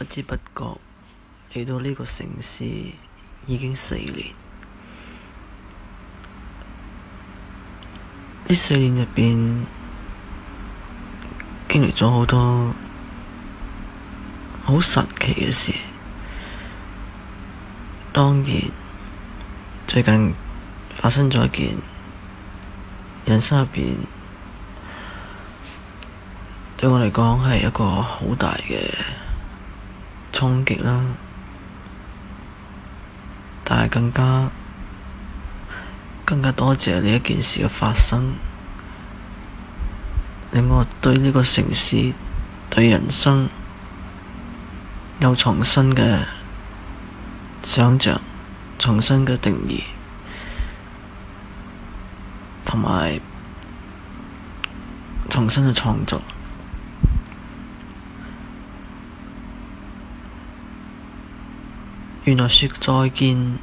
不知不覺嚟到呢個城市已經四年，呢四年入邊經歷咗好多好神奇嘅事。當然，最近發生咗一件人生入邊對我嚟講係一個好大嘅衝擊啦，但係更加更加多謝呢一件事嘅發生，令我對呢個城市、對人生有重新嘅想象、重新嘅定義，同埋重新嘅創作。原來說再見，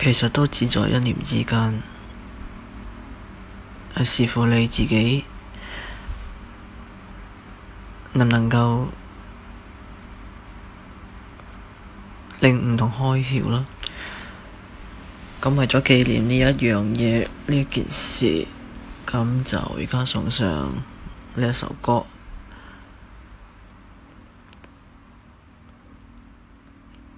其實都只在一念之間，係視乎你自己能唔能夠令唔同開竅囉。咁為咗紀念呢一樣嘢，呢件事，咁就而家送上呢一首歌。